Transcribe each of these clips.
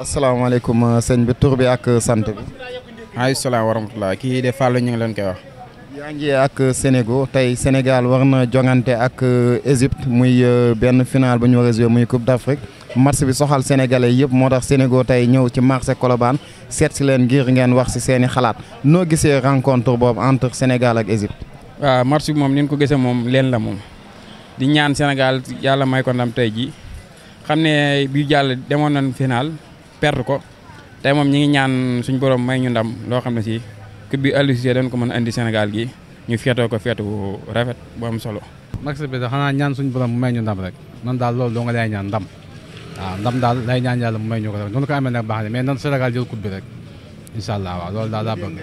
asalaamaaleykum euh, sëñ bi tur ak euh, sant bi. maaleykum salaam wa kii de Fallou ñu ngi leen koy wax. yaa ngi ak euh, Sénégal tey Sénégal war na jongante ak Égypte muy benn final bu ñu war a joué muy Coupe d'Afrique match bi soxal sénégalais yëpp moo tax Sénégal tey ñëw ci marché Colobane seet si leen ngir ngeen wax si seen i xalaat noo gisee rencontre boobu entre Sénégal ak Égypte. waaw match bi moom ni ñu ko gisee moom leen la moom di ñaan Sénégal yàlla may ko tey ji xam ne bi jàll perdre ko tey moom ñi ngi ñaan suñ borom may ñu ndam loo xam ne si coupe bi Aliou ko mën a andi Sénégal gi ñu feetoo ko feetu rafet bu am solo. max bi da xanaa ñaan suñu borom mu may ñu ndam rek man daal loolu doo nga lay ñaan ndam waaw ndam daal lay ñaan yàlla mu may ñu ko rek noonu ko amee nag baax na mais nan Sénégal jël coupe rek incha allah waaw loolu daal a bëgg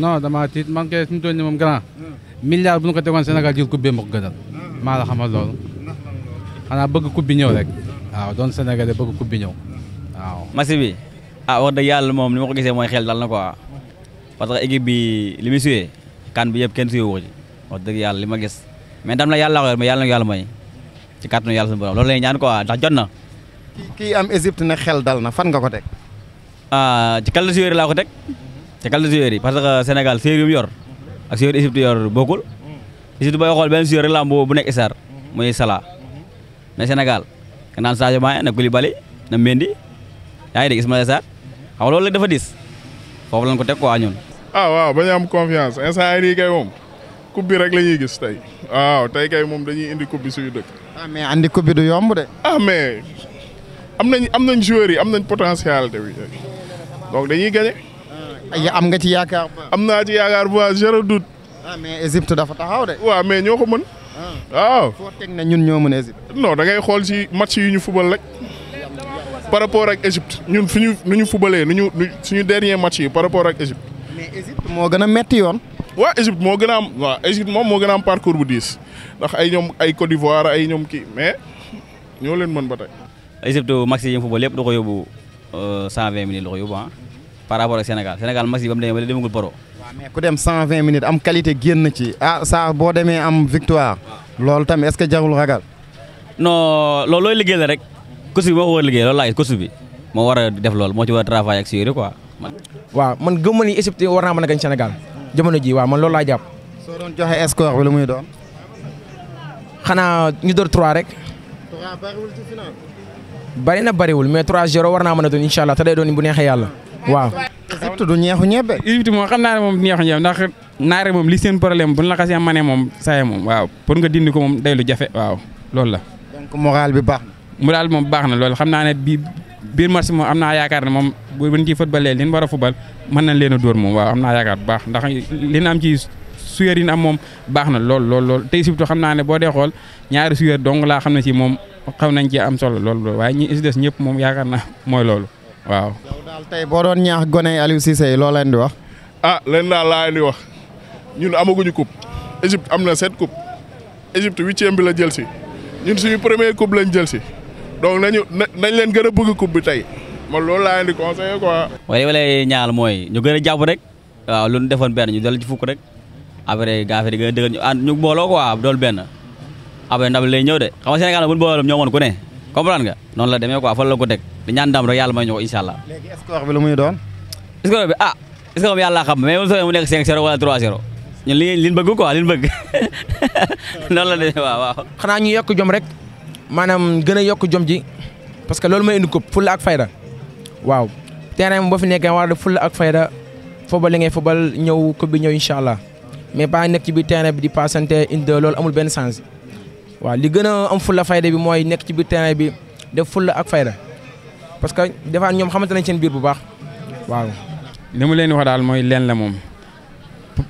non damaa tiit man kay suñu toll nii moom grand milliard bu ñu ko tegoon Sénégal jël coupe bi ma ko gënal maa la xamal loolu xanaa bëgg coupe bi ñëw rek waaw doon Sénégalais bëgg coupe bi ñëw waaw a bi ah wax dëgg yàlla moom li ma ko gisee mooy xel dal na quoi parce que équipe bi li muy suyee kan bi yëpp kenn suyee wu ci wax dëgg yàlla li ma gis mais dam la yàlla ko yor mais yàlla na ko yàlla may ci kàttanu yàlla suñu borom loolu lay ñaan quoi ndax jot na. kii am Égypte ne xel dal na fan nga ko teg. ah ci kàll suyee laa ko teg ci kàll suyee parce que Sénégal suyee yu mu yor ak suyee Égypte yor bokkul Égypte booy xool benn suyee bu nekk Isar muy Salah mais Sénégal nga naan Sadio Mané na Koulibaly na Mendy. yaa ngi dégg Ismaïla Sarr xam loolu dafa dis foofu lañ ko teg a ñun. ah waaw ba ñu am confiance instant yii nii kay moom coupe bi rek la ñuy gis tey waaw tey kay moom dañuy indi coupe bi suñu ah, mais andi coupe bi du yomb de. ah mais am nañ am nañ joueurs yi am nañ potentiel bi donc dañuy gagné. Ah, am nga ci yaakaar. am naa ci yaakaar bu baax zéro doute. Ah, mais Égypte dafa taxaw de. waa mais ñoo ko mën. waaw foo teg ne ñun ñoo mën Égypte. non da ngay xool ci match yi ñu fubal rek. par rapport ak Égypte ñun fi ñu nu ñu fubalee nu ñu suñu dernier match yi par rapport ak Égypte. moo gën a metti yoon. waa Égypte moo gën a am waa Égypte moom moo gën a am parcours bu diis ndax ay ñoom ay Côte d'Ivoire ay ñoom kii mais ñoo leen mën ba tey. Égypte match yi ñu fubal yëpp da ko yóbbu 120 euh, minutes da ko yóbbu ah par rapport ak Sénégal Sénégal match yi ba mu demee ba demagul paro. waaw mais ku dem 120 minutes am qualité génn ci ah saa boo demee am victoire. loolu tamit est que jarul non loolu looy rek. coach bi moo ko war a liggéey loolu laa gis bi moo war a def loolu moo ci war a travail ak séeréer quoi. waaw man gëm ma ni Égypte war naa mën a gañ Sénégal jamono ji waaw man loolu laa jàpp. soo doon joxe muy doon. xanaa ñu door rek. 3 bariwul na bariwul mais 3-0 war naa mën a doon incha allah te day doon bu neexee yàlla waaw. Égypte du ñeexu ñebe. Égypte moom xam naa ne moom ñeexu ñebe ndax naare moom li seen problème bu ñu la xasee manee moom saa moom waaw pour nga dindi ko moom day lu jafe waaw la. mu daal moom baax na lool xam naa ne bii biir match moom am naa yaakaar ne moom bu ñu ciy footballee li war a football mën na leen a dóor moom waaw am naa yaakaar bu baax ndax li ñu am ci suyar yi ñu am moom baax na lool lool lool tey xam naa ne boo dee xool ñaari suyar dong laa xam ne si moom xaw nañ ci am solo lool lool waaye ñi si des ñëpp moom yaakaar na mooy loolu waaw. yow tey boo doon ñaax gone Aliou Cissé loo leen di wax. ah leen daal laa leen di wax ñun amaguñu coupe Égypte am na sept coupe Égypte huitième bi la jël si ñun suñu premier coupe lañ jël si. donc nañu nañ leen gën a bëgg coupe bi tey man loolu laa leen di conseiller quoi. waaye wala ñaar mooy ñu gën a jàpp rek waaw lu ñu defoon benn ñu dal ci fukk rek après gaafe di gën a dëgër ñu ànd ah, ñu booloo quoi dool benn après ndam lay ñëw de xam nga Sénégal bu ñu booloo ñoo mën ku ne comprendre nga noonu la demee quoi fan la ko teg di ñaan ndam rek yàlla may ñu ko incha allah. léegi score bi lu muy doon. score bi ah score bi yàlla xam mais bu soobee mu nekk 5-0 wala 3-0 ñun li li ñu bëgg quoi li ñu bëgg noonu la demee waaw waaw. xanaa ñu yokk jom rek maanaam gën a yokk jom ji parce que loolu may indi ko fulla ak fayda waaw terrain boo fi nekkee war a def fulla ak fayda football li ngay football ñëw ko bi ñëw incha allah mais pas nekk ci biir terrain bi di passante indi loolu amul benn sens waaw li gën a am fulla fayda bi mooy nekk ci biir terrain bi def fulla ak fayda parce que defaan ñoom xamante nañ seen biir bu baax waaw. li leen wax daal mooy leen la moom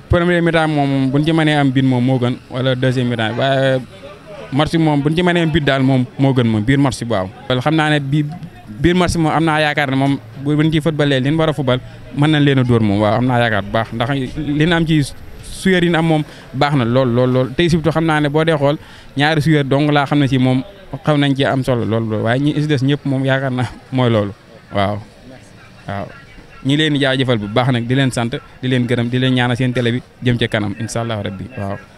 premier mi-temps moom bu ñu ci am biin moom moo gën wala deuxième mi match moom bu ñu ci mënee bit daal moom moo gën moom biir match waaw. xam naa ne bi biir match moom am naa yaakaar ne moom bu ñu ciy footballee li ñu war a football mën nañ leen a dóor moom waaw am naa yaakaar bu baax ndax li ñu am ci suyeer yi am moom baax na lool lool lool tey surtout xam naa ne boo dee xool ñaari suyeer dong laa xam ne si moom xaw nañ ci am solo lool waaye ñi si des ñëpp moom yaakaar na mooy loolu waaw waaw. ñi leen di jaajëfal bu baax nag di leen sant di leen gërëm di leen ñaanal seen bi jëm ca kanam incha allah rabbi waaw.